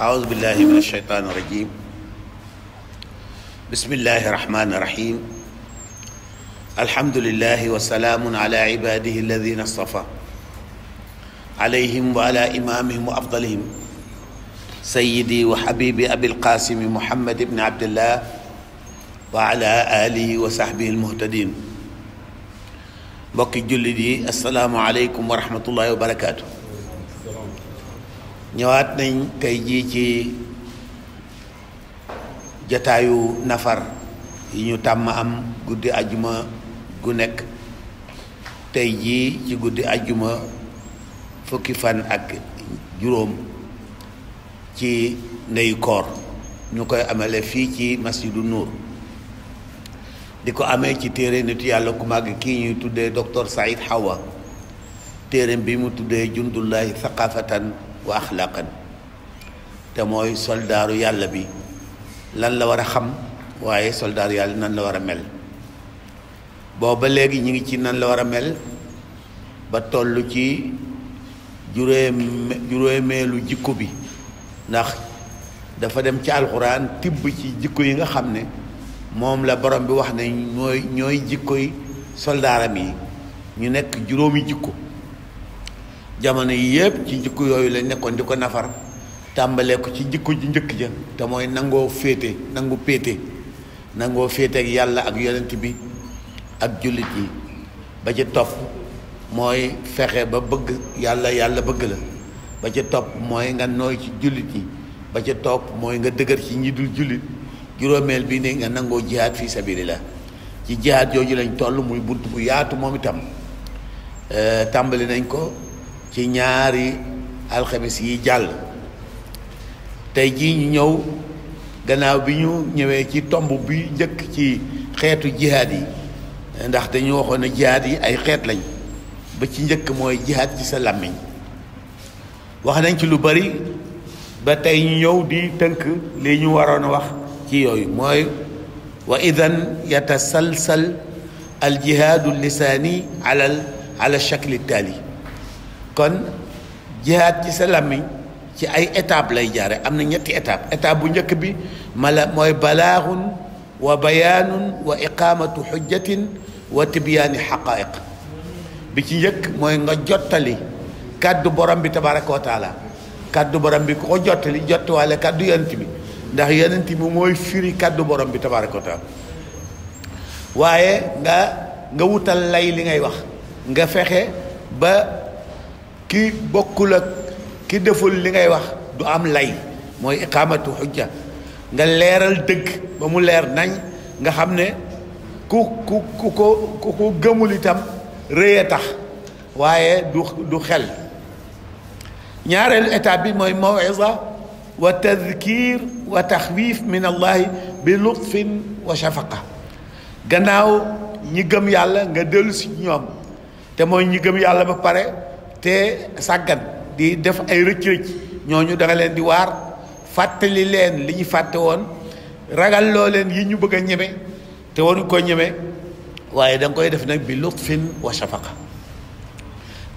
أعوذ بالله من الشيطان الرجيم بسم الله الرحمن الرحيم الحمد لله وسلام على عباده الذين اصطفى عليهم وعلى إمامهم وأفضلهم سيدي وحبيبي أبي القاسم محمد بن عبد الله وعلى آله وصحبه المهتدين mbokki jullit yi asalaamaaleykum wa rahmatullahi wa barakaatu. ñawaat nañ tey jii ci jataayu nafar yi ñu tàmm am guddi ajuma gu nekk tey jii ci guddi ajuma fukki fan ak juróom ci ndeyu ñu koy amale fii ci masjidu nuur di ko amee ci téere nitu yàlla ku màgg kii ñuy tuddee docteur Saïd Hawa téere bi mu tuddee jundullahi thaqafatan wa axlaqan te mooy soldaaru yàlla bi lan la war a xam waaye soldaaru yàlla nan la war a mel booba léegi ñu ngi ci nan la war a mel ba toll ci juróom juróomeelu jikko bi ndax dafa dem ci alxuraan tibb ci jikko yi nga xam ne moom la borom bi wax ne ñooy ñooy jikko yi soldaaram yi ñu nekk juróomi jikko jamono yii yëpp ci jikko yooyu lañ nekkoon di ko nafar tàmbalee ko ci jikko ji njëkk ja te mooy nangoo féete nangu péete nangoo féete ak yàlla ak yonent bi ak jullit yi ba ci topp mooy fexe ba bëgg yàlla bëgg la ba ci topp nga nooy ci jullit yi ba ca topp mooy nga dëgër ci ñi dul jullit juróomeel bi ne nga nangoo jihaad fii la ci jihaad jooju lañ toll muy bunt bu yaatu moom itam tàmbali nañ ko ci ñaari alxames yi jàll tey jii ñu ñëw gannaaw bi ñu ñëwee ci tomb bi njëkk ci xeetu jihaad yi ndax dañu waxoon ne jihaad yi ay xeet lañ ba ci njëkk mooy jihaad ci sa làmmiñ wax nañ ci lu bari ba tey ñu ñëw di tënk li ñu waroon a wax ci yooyu mooy wa idan yatasalsal al jihaadu lisaani alal ala shakli taali kon jihaad ci sa làmmiñ ci ay étape lay jaare am na ñetti étape étape bu njëkk bi mala mooy balaaxun wa bayaanun wa iqaamatu xujjatin wa tibyaani xaqaayiq bi ci njëkk mooy nga jottali kàddu borom bi tabaraka wa kàddu borom bi ku ko jottali jottiwaale kàddu yonent bi ndax yonent bi mooy firi kàddu borom bi tabaraka wa waaye nga nga wutal lay li ngay wax nga fexe ba ki bokkul ak ki deful li ngay wax du am lay mooy iqaamatu xujja nga leeral dëgg ba mu leer nañ nga xam ne ku ku ku ko ku ko gëmul itam rëy a tax waaye du xel ñaareelu étape bi mooy mawisa wa tadkir wa taxwif min allahi bi lutfin wa shafaqa gannaaw ñi gëm yàlla nga dellu si ñoom te mooy ñi gëm yàlla ba pare te sàggan di def ay rëcc-rëcc ñooñu da nga leen di waar fàttali leen li ñu fàtte woon ragal loo leen yi ñu bëgg ñeme te waruñ ko ñeme waaye danga koy def nag bi lutfin wa shafaqa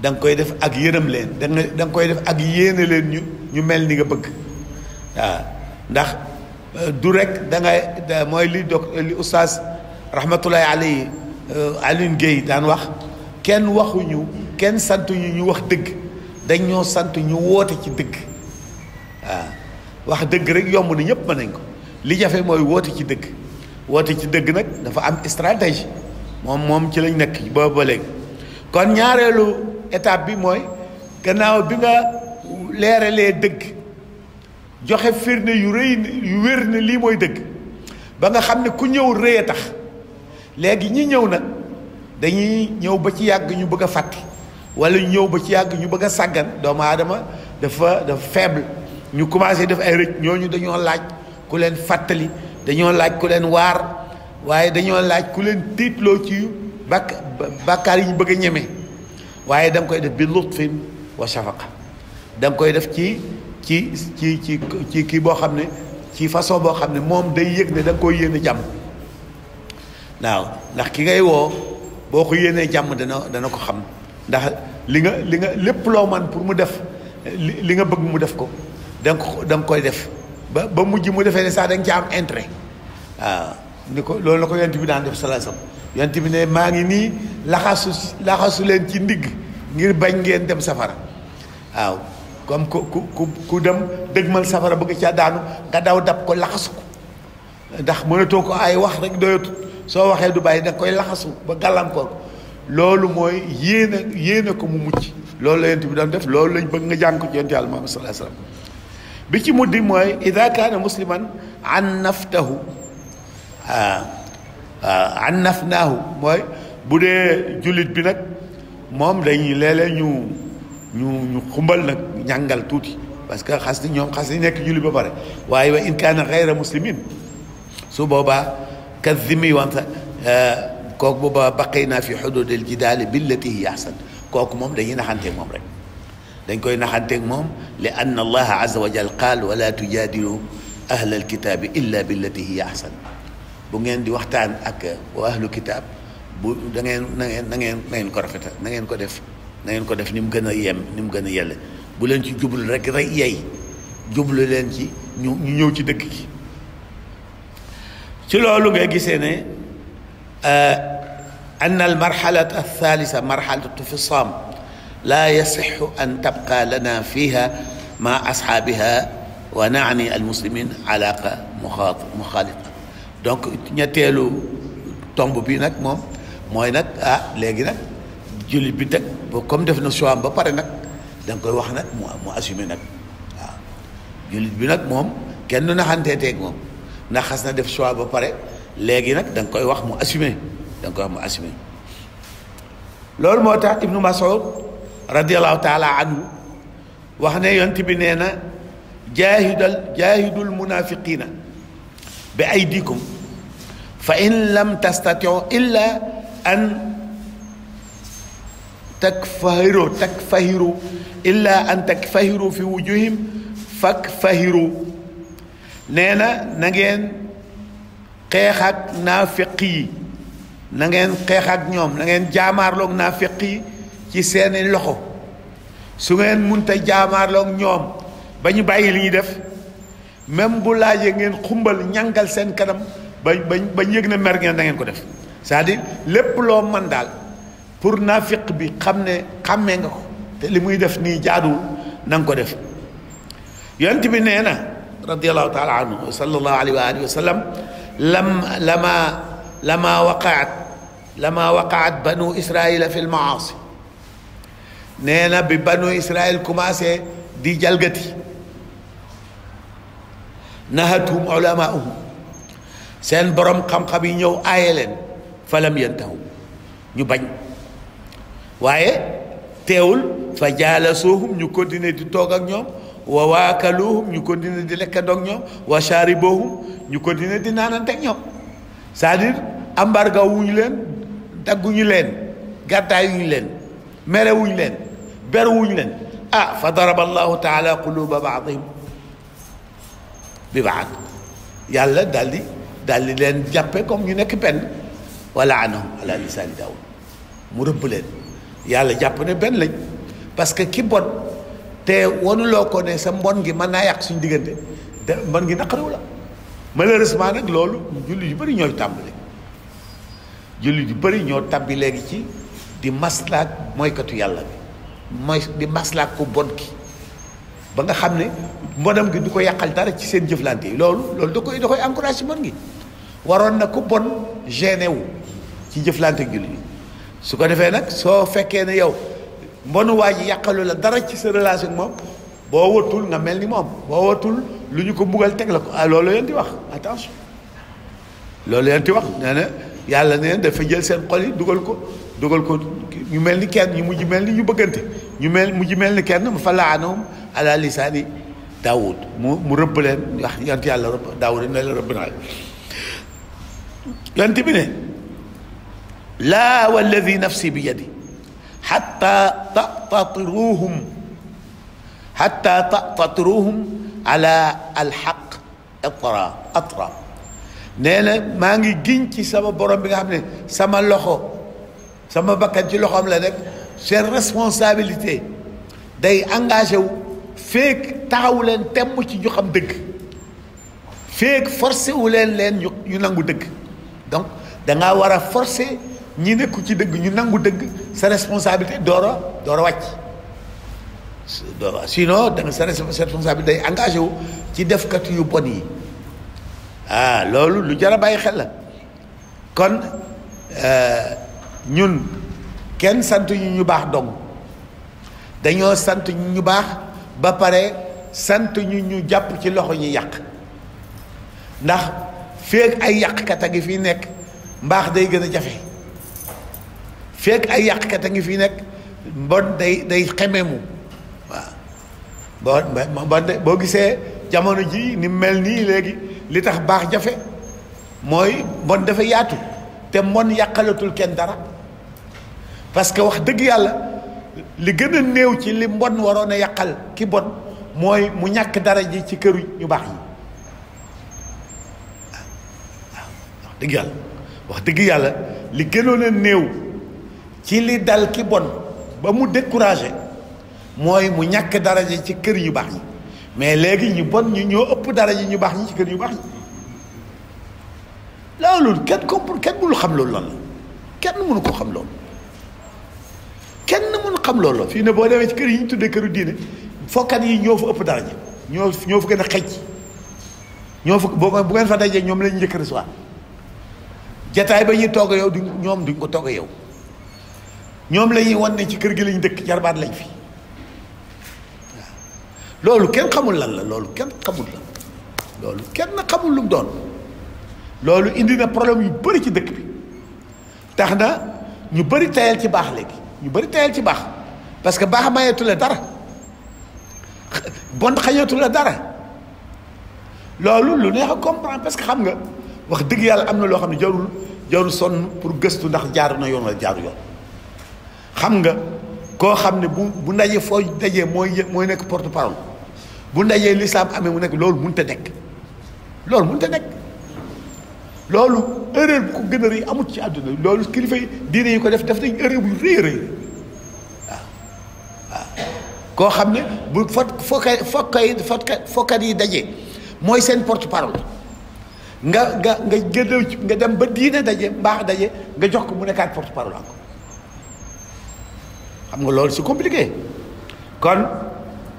da koy def ak yërëm leen da danga koy def ak yéene leen ñu ñu mel ni nga bëgg waaw ndax euh, du rekk dangay mooy li doc li oustaz rahmatullahi alayhi euh, Alioune Guèye daan wax kenn waxuñu kenn sant ñu ñu wax dëgg dañ ñoo sant ñu woote ci dëgg waaw wax dëgg rek yomb na ñëpp mën nañ ko li jafe mooy woote ci dëgg woote ci dëgg nag dafa am stratégie moom moom ci lañ nekk ba ba léegi kon ñaareelu étape bi mooy gannaaw bi nga leeralee dëgg joxe firnde yu rëy yu wér ne lii mooy dëgg ba nga xam ne ku ñëw rëy tax léegi ñi ñëw nag dañuy ñëw ba ci yàgg ñu bëgg a fàtte wala ñëw ba ci yàgg ñu bëgg a sàggan doomu aadama dafa dafa faible ñu commencé def ay rëcc ñooñu dañoo laaj ku leen fàttali dañoo laaj ku leen waar waaye dañoo laaj ku leen tiitloo ci bak bàkkaar yi ñu bëgg a ñeme waaye da koy def bi lutfin wa shafaqa da koy def ci ci ci ci ci kii boo xam ne ci façon boo xam ne moom day yëg ne da nga koy yéene jàmm waaw ndax ki ngay woo boo ko yéenee jàmm dana dana ko xam ndax li nga li nga lépp loo man pour mu def li nga bëgg mu def ko da da koy def ba ba mujj mu defee ne sax da nga ci am intérêt waaw ni ko loolu la ko yonent bi daan def salaasam yonent bi ne maa ngi nii laxasu laxasu leen ci ndigg ngir bañ ngeen dem safara waaw comme ku ku ku dem dëgmal safara bëgg ca daanu nga daw dab ko laxasu ko ndax mënatoo ko ay wax rek doyatu soo waxee du bàyyi da koy laxasu ba gàllankoor ko loolu mooy yéene yéene ko mu mucc loolu la yent bi daan def loolu lañ bëgg nga jàng ko ci yent yàlla bi ci muddi mooy ida kaana musliman an naftahu an ah, ah, bu dee jullit bi nag moom dañuy léeg-léeg ñu ñu ñu xumbal nag ñàngal tuuti parce que xas ni ñoom xas ni nekk jullit ba pare waaye wa in kaana su boobaa kat zimi wanta ah, kooku booba baqay naa fi xududil jidaali billati hiya ahsan kooku moom dañuy naxanteeg moom rek dañ koy naxanteeg moom li anna allaha azza wa jal qaal wala tujaadilu ahla alkitaabi illa billati hiya ahsan bu ngeen di waxtaan ak wa ahlu kitaab bu da ngeen na ngeen na ngeen na ngeen ko rafetal na ngeen ko def na ngeen ko def ni mu gën a yem ni mu gën a yelle bu leen ci jublu rek rek yey jublu leen ci ñu ñu ñëw ci dëkk gi ci loolu nga gisee ne euh, an almarxalata althalisa marxalatu fisaam laa yasixu an tabqa lana fiha ma asxaabiha wa naani almuslimin alaqa muxaalita donc ñetteelu tomb bi nag moom mooy nag ah léegi nag jullit bi teg comme def na choix ba pare nag da nga koy wax nag mu mu assumé nag waaw jullit bi nag moom kenn du naxantee teeg moom ndax xas na def choix ba pare léegi nag da nga koy wax mu assumé da nga ko am assumé loolu moo tax ibnu Mas'ud radiallahu taala anhu wax ne yont bi nee na jaahidal jaahidul munafiqina bi aydikum fa in lam tastatiu illa an takfahiru takfahiru illa an takfahiru fi wujuhim fakfahiru nee na na ngeen xeex ak naafiq yi na ngeen xeex ñoom na ngeen jaamaarloog naa feqi ci seeni loxo su ngeen munta jaamaarloog ñoom ba ñu bàyyi li ñuy def même bu laajee ngeen xumbal ñangal seen kanam ba ba ba yëg na mer ngeen da ngeen ko def cest à lépp loo man daal pour naafiq bi xam ne xàmmee nga ko te li muy def nii jaaduwul na ko def yonent bi nee na radiallahu taala anhu wa alihi wa sallam lam lama lama waqaat lama waqaat banu israila fi lmaasi nee na bi banu israil commencé di jalgati nahathum ulamaahum seen borom xam-xam yi ñëw aaye leen falam yantahu ñu bañ waaye teewul fa jaalasoohum ñu continuer di toog ak ñoom wa ñu continuer di lekkandoog ñoom wa shaaribohum ñu continuer di naanante ak ñoom cest à leen dagguñu leen gàddaayuñu leen merewuñu leen berewuñu leen a ah, fa daraba allahu taala quluba baadihim bi baad yàlla daal di daal di leen jàppe comme ñu nekk benn wala anahum ala lisaani daawud mu rëbb leen yàlla jàpp ne benn lañ parce que ki bon te wanuloo ko ne sa mbon gi mën naa yàq suñu diggante de mbon gi naqariw la malheureusement nag loolu jullit yu bëri ñooy tàmbali jullit yu bëri ñoo bi léegi ci di maslaak mooykatu yàlla bi mooy di maslaak ko bon ki ba nga xam ne mbonam gi du ko yàqal dara ci seen jëflante yi loolu loolu da koy da koy encouragé bon gi waroon na ko bon gêné wu ci jëflante ak jullit su ko defee nag soo fekkee ne yow mbonu waa ji yàqalu la dara ci sa relation ak moom boo watul nga mel ni moom boo watul lu ñu ko mbugal teg la ko ah loolu leen di wax attention loolu leen di wax nee na yàlla neen dafa jël seen xol yi dugal ko dugal ko ñu mel ni kenn ñu mujj mel ni ñu bëggante ñu mel mujj mel ni kenn mu fa laanoom ala lisaani daawud mu mu rëbb leen wax yant yàlla rëbb daawud ne la rëbb naa yant bi ne laa walladi nafsi bi yadi xatta tatatiruhum hatta tatruhum ala alxaq atra atra nee na maa ngi giñ ci sama borom bi nga xam ne sama loxo sama bakkan ci am la nekk seen responsabilité day engagé wu feek taxawu leen temm ci ñu xam dëgg feek forcé wu leen leen ñu nangu dëgg donc dangaa war a forcé ñi nekku ci dëgg ñu nangu dëgg sa responsabilité door a wàcc sinon da nga sa responsable day engagé wu ci defkat yu bon yi ah loolu lu jar a bàyyi xel la kon euh, ñun kenn sant ñu ñu baax dong dañoo sant ñu ñu baax ba pare sant ñu ñu jàpp ci loxo ñu yàq ndax feeg ay yàqkat a ngi fi nekk mbaax day gën a jafe feeg ay yàqkat a ngi fi nekk mbon day day xememu boo ba boo gisee jamono ji ni mel nii léegi li tax baax jafe mooy bon dafa yaatu te mbon yàqalatul kenn dara parce que wax dëgg yàlla li gën a néew ci li mbon waroon a yàqal ki bon mooy mu ñàkk dara ji ci kër ñu baax yi wax dëgg yàlla wax dëgg yàlla li gënoon a néew ci li dal ki bon ba mu découragé mooy mu ñàkk daraja ci kër yu baax yi mais léegi ñu bon ñu ñoo ëpp daraja ñu baax ñi ci kër yu baax yi loolu kenn comprendre kenn mënu xam loolu lan kenn mënu ko xam kenn mënu xam loolu fii ne boo demee ci kër yi ñu tuddee këru diine fokkat yi ñoo fa ëpp daraja ñoo ñoo fa gën a xëcc ñoo fa boo bu ngeen fa dajee ñoom lañu njëkk recevoir jataay ba ñuy togg yow di ñoom duñ ko togg yow ñoom la ñuy wan ne ci kër gi lañu dëkk jarbaat lañ fi loolu kenn xamul lan la loolu kenn xamul la loolu kenn xamul lu doon loolu indi na problème yu bëri ci dëkk bi tax na ñu bëri tayal ci baax léegi ñu bëri tayal ci baax parce que baax mayeetu la dara bon xayeetu dara loolu lu neex a comprendre parce que xam nga wax dëgg yàlla am na loo xam ne jarul jarul sonn pour gëstu ndax jaaru na yoon wala jaaru yoon xam nga koo xam ne bu bu ndaje foo dajee mooy mooy nekk porte parole bu ndajee lislaam amee mu nekk loolu mënut a nekk loolu mënut a nekk loolu erreur bu ko gën a rëy amut ci àdduna loolu kilifa yi diine yi ko def def nañ erreur bu rëy rëy waaw waaw koo xam ne bu fot fokka fokka yi daje mooy seen porte parole nga nga nga gëddëw nga dem ba diine daje mbaax daje nga jox ko mu nekkaat porte parole am xam nga loolu c'est compliqué kon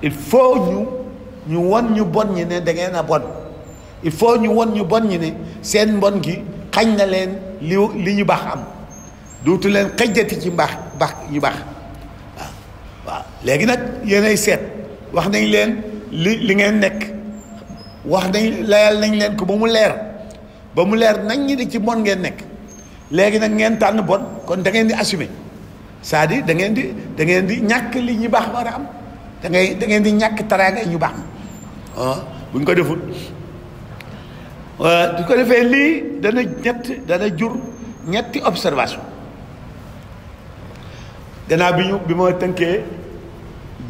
il faut ñu. ñu won ñu bon ñi ne da ngeen a bon il faut ñu won ñu bon ñi ne seen mbon gi xañ na leen li li ñu baax am duutu leen xëjjati ci mbaax baax ñu baax waaw waaw léegi nag yéenay seet wax nañ leen li li ngeen nekk wax nañ layal nañ leen ko ba mu leer ba mu leer nañ ñi di ci bon ngeen nekk léegi nag ngeen tànn bon kon da ngeen di assumer cest à da ngeen di dangeen di ñàkk li ñu baax war a am da ngay da ngeen di ñàkk taraanga ñu baax ah bu ñu ko deful du ko defee lii dana ñett dana jur ñetti observation gannaaw bi ñu bi ma tënkee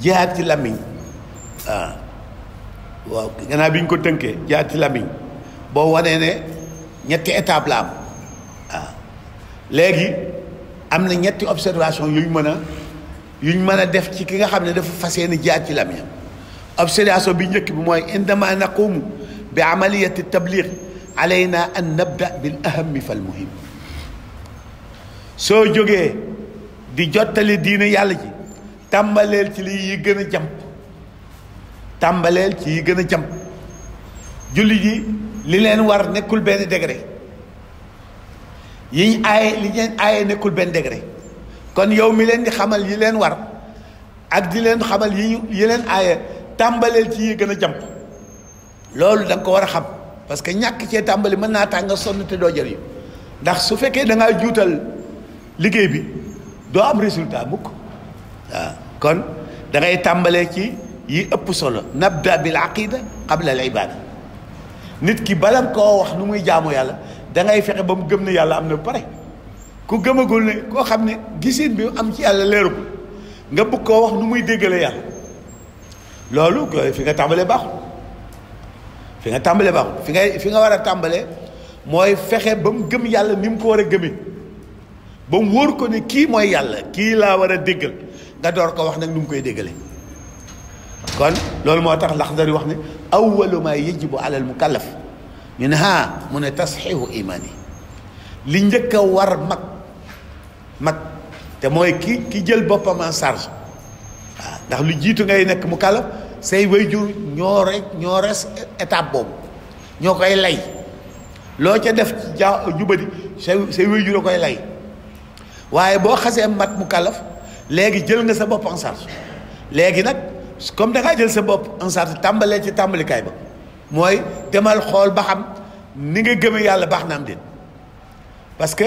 jihaad ci làmmiñ ah waaw gannaaw bi ñu ko tënkee jihaad ci làmmiñ boo wanee ne ñetti étape la am ah, léegi am na ñetti observation yuñ mën a yuñ mën a def ci ki nga xam ne dafa fas yéene jihaad ci làmmiñam obstination bi njëkk bi mooy indama naqumu bi amaliyati tabliq alayna an nabda bil ahami fal muhim soo jógee di jottali diina yàlla ji tàmbaleel ci li yi gën a jàmp tàmbaleel ci yi gën a jàmp julli ji li leen war nekkul benn degré yiñ aaye li leen aaye nekkul benn degré kon yow mi leen xamal yi leen war ak di leen xamal yi yi leen aaye tàmbaleel ci yi gën a jàmp loolu danga ko war a xam parce que ñàkk cee tàmbali mën naa tàng nga sonn te doo jëriñ ndax su fekkee da juutal liggéey bi doo am résultat mukk waaw kon dangay tàmbalee ci yi ëpp solo nabda bil aqida qabla al ibada nit ki bala koo wax nu muy jaamu yàlla da ngay fexe ba mu gëm na yàlla am na pare ku gëmagul ne koo xam ne gisin bi am ci yàlla leerul nga bëgg koo wax nu muy déggalee yàlla loolu fi nga tàmbalee baaxul fi nga tàmbalee baaxul fi ngay fi nga war a tàmbalee mooy fexe ba mu gëm yàlla ni mu ko war a gëmee ba mu wóor ko ni kii mooy yàlla kii laa war a déggal nga door ko wax nag nu mu koy déggalee. kon loolu moo tax lax Laxdari wax ne awwalu maa mu alal ñu ne ha mu ne tasxihu yi li njëkk a war mag mag te mooy ki ki jël boppam a charge waaw ndax lu jiitu ngay nekk mu mukallaf say wayjur ñoo rek ñoo res étape boobu ñoo koy lay loo ca def ja jubadi say say wayjur a koy lay waaye boo xasee mat mu kalaf léegi jël nga sa bopp en charge léegi nag comme da jël sa bopp en charge tàmbalee ci tàmbalikaay ba mooy demal xool ba xam ni nga gëme yàlla baax na am déet parce que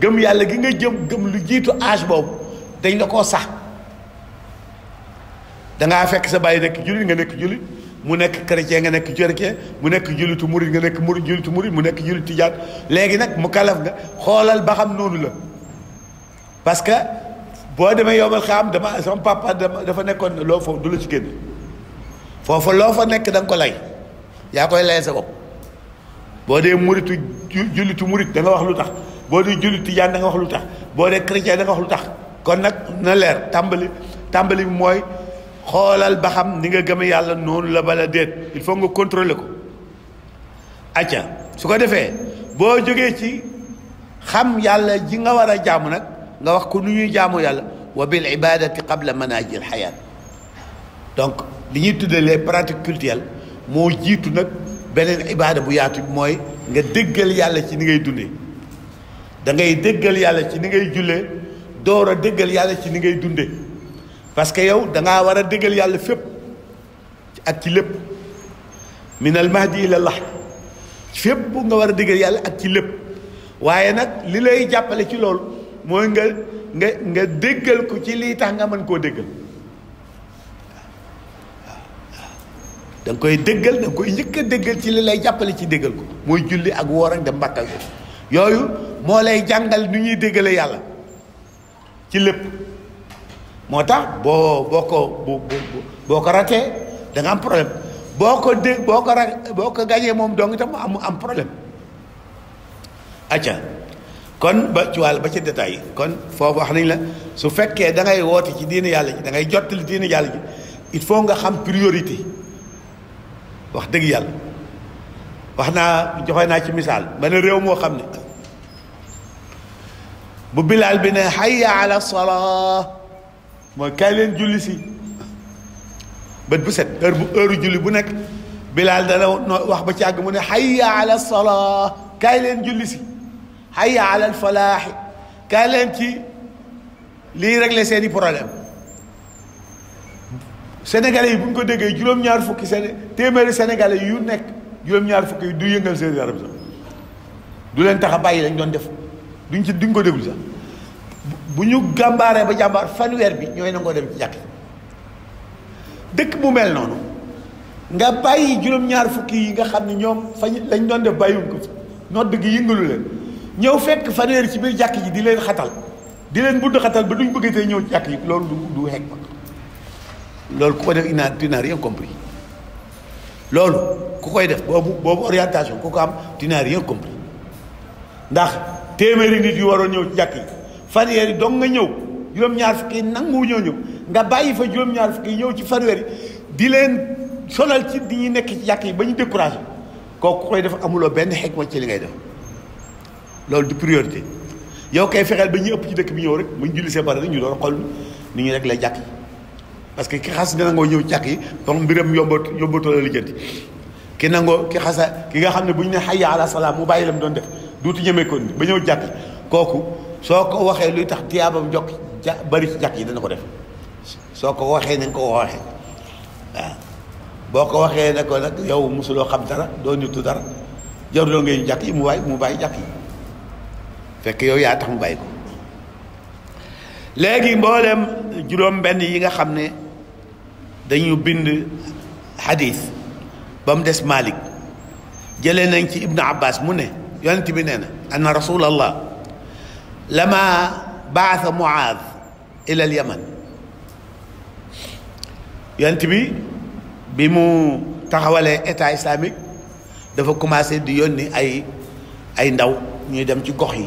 gëm yàlla gi nga jëm gëm lu jiitu âge boobu dañ la koo sax dangaa fekk sa bàyyi nekk jullit nga nekk jullit mu nekk chrétien nga nekk chrétien mu nekk jullitu murit nga nekk murit jullitu murit mu nekk jullit tijaan léegi nag mu kalaf nga xoolal ba xam noonu la parce que boo demee yomal xam dama sama dafa nekkoon loo foofu du la ci génn foofu loo fa nekk da nga ko lay yaa koy lay sa boo dee muritu jullitu murit da nga wax lu tax boo dee jullitu tijaan da nga wax lu tax boo dee chrétien da wax lu tax kon nag na leer tàmbali tàmbali bi mooy xoolal ba xam ni nga gëm yàlla noonu la bala déet il faut nga contrôler ko acca su ko defee boo jógee ci xam yàlla ji nga war a jàmm nag nga wax ko nu ñuy jaamu yàlla wa bil ibadati qabla manajil xayaat donc li ñuy tuddee les pratiques cultuelles moo jiitu nag beneen ibaada bu yaatu mooy nga déggal yàlla ci ni ngay dundee dangay ngay yàlla ci ni ngay jullee door a déggal yàlla ci ni ngay dundee parce que yow dangaa war a dëggal yàlla fépp ak ci lépp min al mahdi ila lax fépp nga war a dëggal yàlla ak ci lépp waaye nag li lay jàppale ci loolu mooy nga nga nga dëggal ko ci lii tax nga mën koo dëggal da koy déggal da nga koy njëkk a ci li lay jàppale ci déggal ko mooy julli ak woor ak dem mbàkkal ko yooyu moo lay jàngal nu ñuy déggale yàlla ci lépp moo tax boo boo ko bu boo ko ratee da am problème boo ko dégg boo ko ra boo ko gañee moom dong itam am am problème acca kon ba ci wàll ba ci détail kon foofu wax nañ la su fekkee da ngay woote ci diini yàlla ji da ngay jottali diini yàlla ji il faut nga xam priorité wax dëgg yàlla wax naa joxe naa ci misaal ma réew moo xam ne bu bilaal bi ne hayya ala mooy kaay leen julli si bët bu set heure bu heure julli bu nekk bilaal dana wax ba ci àgg mu ne hayya ala salaa kaay leen julli si hayya ala falaaxi kaay leen ci lii régler seeni problème sénégalais yi bu ñu ko déggee juróom-ñaar fukki séné téeméeri sénégalais yu nekk juróom-ñaar fukki du yëngal seen yaram sax du leen tax a bàyyi lañ doon def duñ ci duñ ko déglu sax bu ñu gàmbaaree ba jàmbaar fanweer bi ñooy nangoo dem ci jàkk dëkk bu mel noonu nga bàyyi juróom-ñaar fukki yi nga xam ne ñoom fañ lañ doon def bàyyiwuñ ko nodd gi yëngalu leen ñëw fekk fanweer ci biir jàkk ji di leen xatal di leen budd xatal ba duñ bëggatee ñëw ci yi loolu du du xeeg ma loolu ku ko def ina tu n'as loolu ku koy def boobu boobu orientation ku ko am tu n'as ndax téeméeri nit yu waroon ñëw ci yi fanweer yi dong nga ñëw juróom-ñaar fukki nangu ñoo ñëw nga bàyyi fa juróom-ñaar fukki ñëw ci fanweer yi di leen sonal ci di ñuy nekk ci yàq yi ba ñu découragé kooku koy def amuloo benn xekma ci li ngay def loolu du priorité yow kay fexeel ba ñu ëpp ci dëkk bi ñëw rek bu ñu julli see pare ñu doon xool ni ñu rek lay jàkk yi parce que ki xas nga nangoo ñëw jàkk yi donc mbiram yombat yombatoo la lijjanti ki nangoo ki xasa ki nga xam ne bu ñu ne hayya ala salaam mu bàyyi lam doon def duutu ñemee ko ba ñëw jàkk kooku soo ko waxee luy tax tiyaabam jokk ja bari ci jàkk yi dana ko def soo ko waxee nañ ko waxee waaw boo ko waxee ne ko nag yow mosuloo xam dara doo nitu dara jaruloo ngay jàkk yi mu waay mu bàyyi jàkk yi fekk yow yaa tax mu bàyyi ko léegi mboolem juróom benn yi nga xam ne dañu bind xadiis ba mu des Malik jële nañ ci Ibnu Abbas mu ne yonent bi nee na anna rasulallah lama baasa Muaaz ila al Yaman yonent bi bi mu taxawalee état islamique dafa commencé di yónni ay ay ndaw ñuy dem ci gox yi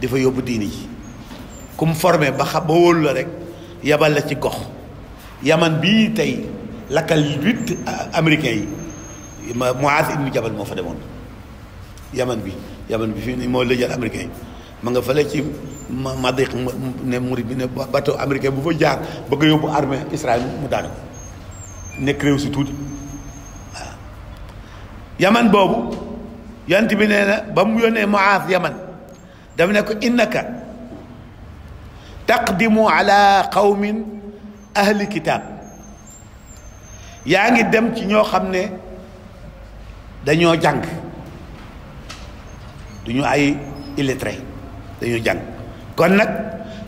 di fa yóbbu diini ji ku mu formé ba xam ba wóolu la rek yabal la ci gox Yaman bii tey lakkal huit euh, américains yi Muaaz ibnu Jabal moo fa demoon Yaman bi Yaman bi fii moo lëjal américains yi ma nga fële ci Madiq ne murid bi ne bateau américain bu fa jaar bëgg yóbbu armée Israël mu daanu nekk réew yaman boobu yant bi nee na ba mu yónnee Muaaz yaman dafa ne ko innaka taqdimu ala qawmin ahli kitab yaa ngi dem ci ñoo xam ne dañoo jàng duñu ay illettré da dañuy jàng kon nag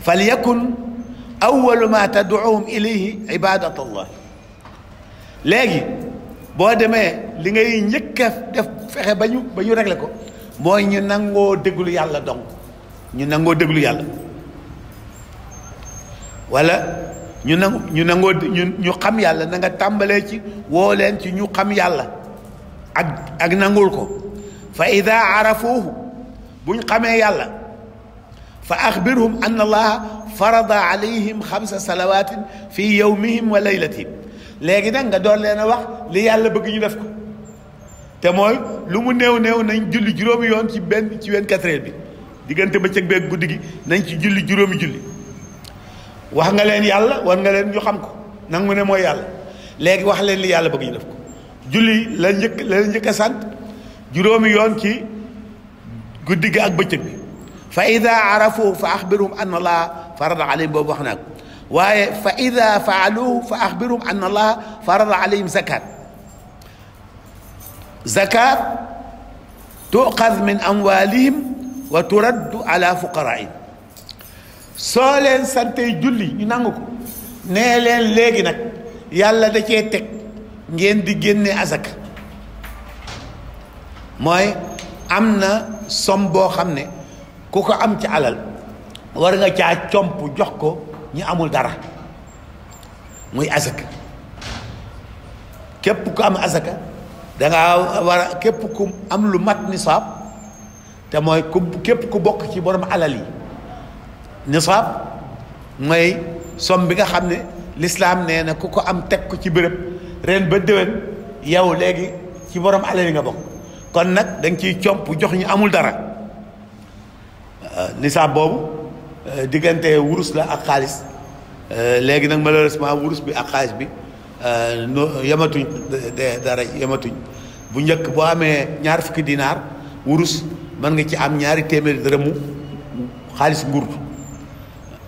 fal yakun awalu ma tad'uhum ilayhi ibadatullah léegi boo demee li ngay njëkk a def fexe ba ñu ba ko mooy ñu nangoo déglu yàlla donc ñu nangoo déglu yàlla wala ñu nangu ñu nangoo ñu xam yàlla nanga tàmbalee ci woo leen ci ñu xam yàlla ak nangul ko fa ida arafuhu buñ xamee yàlla fa axbirhum anna allaha farada alayhim xamsa salawatin fi yowmihim wa laylatihim léegi nag nga doon leen a wax li yàlla bëgg ñu def ko te mooy lu mu néew néew nañ julli juróomi yoon ci benn ci vingt-quatre heures bi diggante bëccëg beeg guddi gi nañ ci julli juróomi julli wax nga leen yàlla war nga leen ñu xam ko nag mu ne mooy yàlla léegi wax leen li yàlla bëgg ñu def ko julli la njëkk la njëkk a sant juróomi yoon ci guddi gi ak bëccëg bi fa ida arafuhu fa axbiruhum anna allaha farada alayhim boobu wax naa ko waaye fa ida faaluhu fa axbiruhum anna allaha farada alayhim zakat zakat tuqad min amwalihim wa turaddu ala fuqaraihim soo leen santey julli ñu nangu ko nee leen léegi nag yàlla da cee teg ngeen di génne azaka mooy am na som boo xam ne ku ko am ci alal war nga caa comp jox ko ñu amul dara muy asaka képp ku am asaka danga war képp ku am lu mat nisaab te mooy ku képp ku bokk ci borom alal yi nisaab mooy somme bi nga xam ne lislaam nee na ku ko am teg ko ci bërëb ren ba déwén yow léegi ci borom alal yi nga bokk kon nag da nga ciy comp jox ñu amul dara Euh, nisaab boobu euh, diggante wurus la ak xaalis euh, léegi nag malheureusement wurus bi ak xaalis bi no yematuñ dara yematuñ bu njëkk boo amee ñaar fukki dinaar wurus mën nga ci am ñaari téeméeri dërëmu xaalis nguur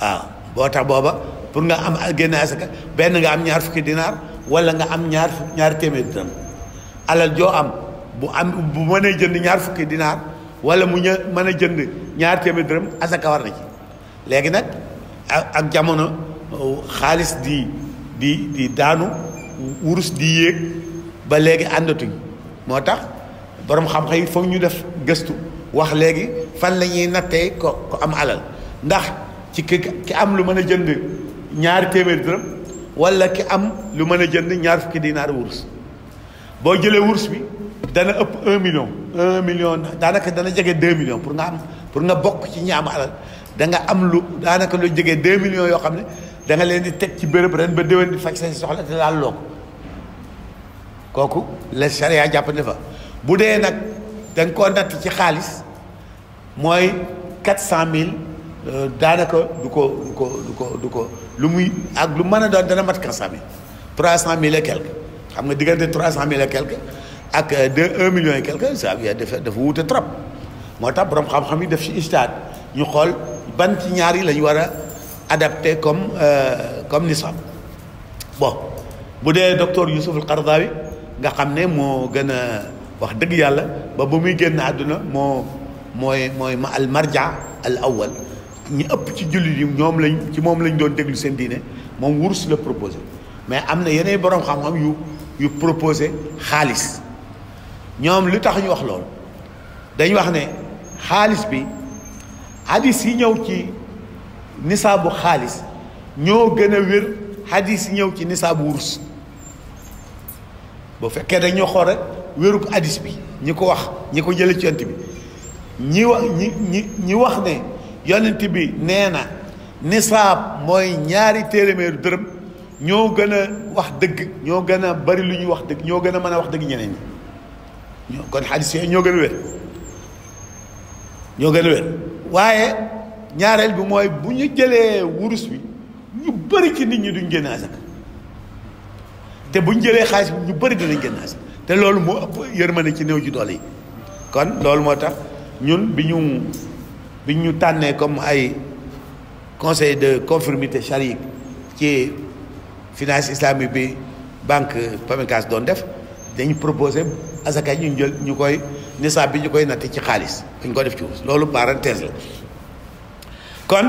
waaw boo tax booba pour nga am génne asaka benn nga am ñaar fukki dinaar wala nga am ñaar ñaari téeméeri dërëm alal am bu am bu mënee jënd ñaar fukki dinaar wala mu ñë mën a jënd ñaar téeméer dërëm asaka war na ci léegi nag ak jamono xaalis di di di daanu wurus di yéeg ba léegi àndatuñ moo tax boroom xam-xam yi foog ñu def gëstu wax léegi fan la ñuy nattee ko ko am alal ndax ci ki ki am lu mën a jënd ñaari téeméer dërëm wala ki am lu mën a jënd ñaar fukki naar wurus boo jëlee wurus bi dana ëpp un million un million daanaka dana jege deux million pour nga am pour nga bokk ci ñi am alal da nga am lu daanaka lu jege 2 millions yoo xam ne da leen di teg ci béréb ren ba déwén di faj seen soxla te laal loo ko kooku la charia jàppandi fa bu dee nag da nga koo natt ci xaalis mooy cent 400000 euh, daanaka du ko du ko du ko du ko lu muy ak lu mën a doon dana mat 400000 300000 et quelque xam nga diggante 300000 et quelque ak 2 euh, 1 million et quelque ça dafa dafa wuute trop. moo tax borom xam-xam yi def ci istaat ñu xool ban ci ñaar yi la ñu war a adapté comme euh, comme nisab bon bu dee doctor Youssouf al Qaradawi nga xam ne moo gën a wax dëgg yàlla ba ba muy génn àdduna moo mooy mooy ma al marja al awal ñu ëpp ci jullit yi ñoom lañ ci moom lañ doon déglu seen diine moom wurus la proposé mais am na yeneen borom xam-xam yu yu proposé xaalis ñoom lu tax ñu wax loolu dañ wax ne xaalis bi hadis yi ñëw ci nisaabu xaalis ñoo gën a wér hadis yi ñëw ci nisaabu wurus bu fekkee dañoo xool rek wérub hadis bi ñi ko wax ñi ko jële ci yonent bi ñi wax ñi ñi ñi wax ne yonent bi nee na nisaab mooy ñaari téeméeru dërëm ñoo gën a wax dëgg ñoo gën a bari lu ñuy wax dëgg ñoo gën a mën a wax dëgg ñeneen ñi ñoo kon hadis yooyu ñoo gën a wér ñoo gën a wér waaye ñaareel bi mooy bu ñu jëlee wurus bi ñu bëri ci nit ñi duñ génn asaka te bu ñu jëlee xaalis bi ñu bëri dinañ génn asaka te loolu moo ëpp yërmande ci néew ji doole yi kon loolu moo tax ñun bi ñu bi ñu tànnee comme ay conseil de conformité charia ci finance islamique bi banque PAMECAS doon def dañu proposé asaka ñu jël ñu koy nisaab bi ñu koy natt ci xaalis dañ ko def ci wurus loolu parenthèse la kon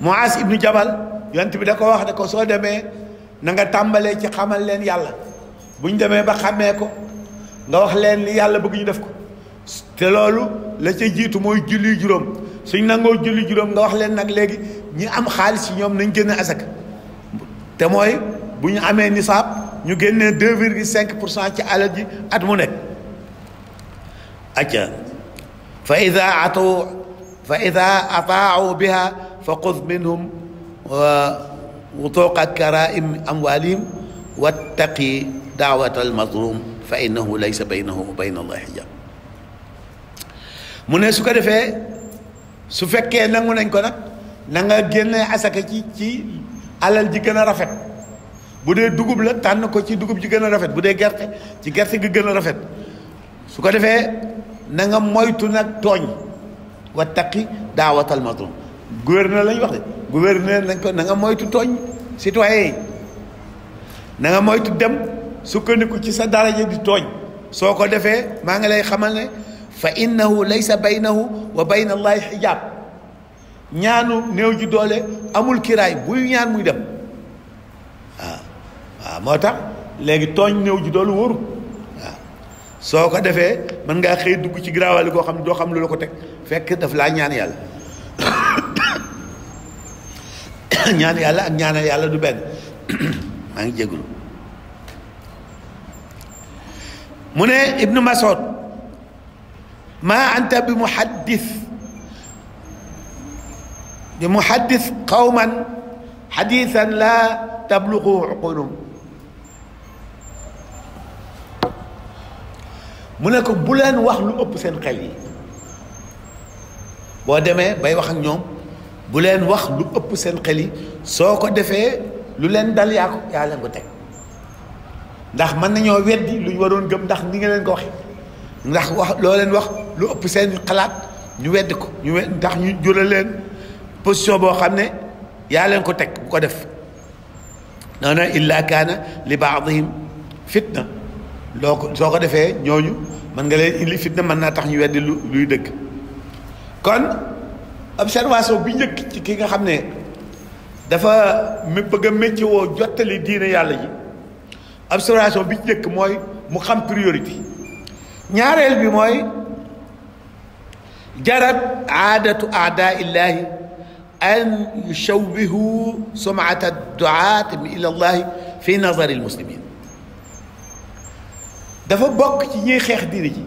Muaas ibnu Jabal yant bi da ko wax ne ko soo demee na nga tàmbalee ci xamal leen yàlla bu ñu demee ba xàmmee ko nga wax leen li yàlla bëgg ñu def ko te loolu la ca jiitu mooy julli juróom suñ nangoo julli juróom nga wax leen nag léegi ñi am xaalis yi ñoom nañ génne asaka te mooy bu ñu amee nisaab ñu génnee deux virgule cinq pour cent ci alal ji at mu nekk acca fa ida atu fa ida ataawu biha fa xud minhum wutuqa karaim amwalihim wattaqi daawata almazlum fa innahu laysa baynahu wa bayna allahi xijab mu ne su ko defee su fekkee nangu nañ ko nag na nga génne asaka ci ci alal ji gën a rafet bu dee dugub la tànn ko ci dugub ji gën a rafet bu dee gerte ci gerte gi gën a rafet su ko defee na moytu nag tooñ wattaqi daawatal mazlum gouverneur lañ wax de gouverneur nañ ko na moytu tooñ citoyen yi na moytu dem sukkandiku ci sa daraja di tooñ soo ko defee maa ngi lay xamal ne fa innahu laysa baynahu wa bayna allahi xijaab ñaanu néew ji doole amul kiraay buy ñaan muy dem waaw waa moo tax léegi tooñ néew ji doolu wóoru soo ko defee mën ngaa xëy dugg ci garaawali koo xam ne doo xam lu la ko teg fekk daf laa ñaan yàlla ñaan yàlla ak ñaanal yàlla du benn maa ngi jégalu mu ne ibnu Mas'ud maa anta bi muhaddis bi muhaddis qawman xadisan laa tablugu uquluhum mu ne ko bu leen wax lu ëpp seen xel yi boo demee bay wax ak ñoom bu leen wax lu ëpp seen xel yi soo ko defee lu leen dal yaa ko yaa leen ko teg ndax mën nañoo weddi lu ñu waroon gëm ndax ni nga leen ko waxe ndax wax loo leen wax lu ëpp seen xalaat ñu wedd ko ñu wedd ndax ñu jural leen position boo xam ne yaa leen ko teg bu ko def noonu illaa kaana li baadihim fitna loo soo ko defee ñooñu mën nga leen indi fitna mën naa tax ñu weddi lu luy dëgg kon observation bi njëkk ci ki nga xam ne dafa mi bëgg a mécc woo jottali diine yàlla ji observation bi njëkk mooy mu xam priorité ñaareel bi mooy jarat aadatu aadaa illaahi an yushawwihu sumaata duaat ila allahi fi nazari almuslimin dafa bokk ci ñuy xeex diine ji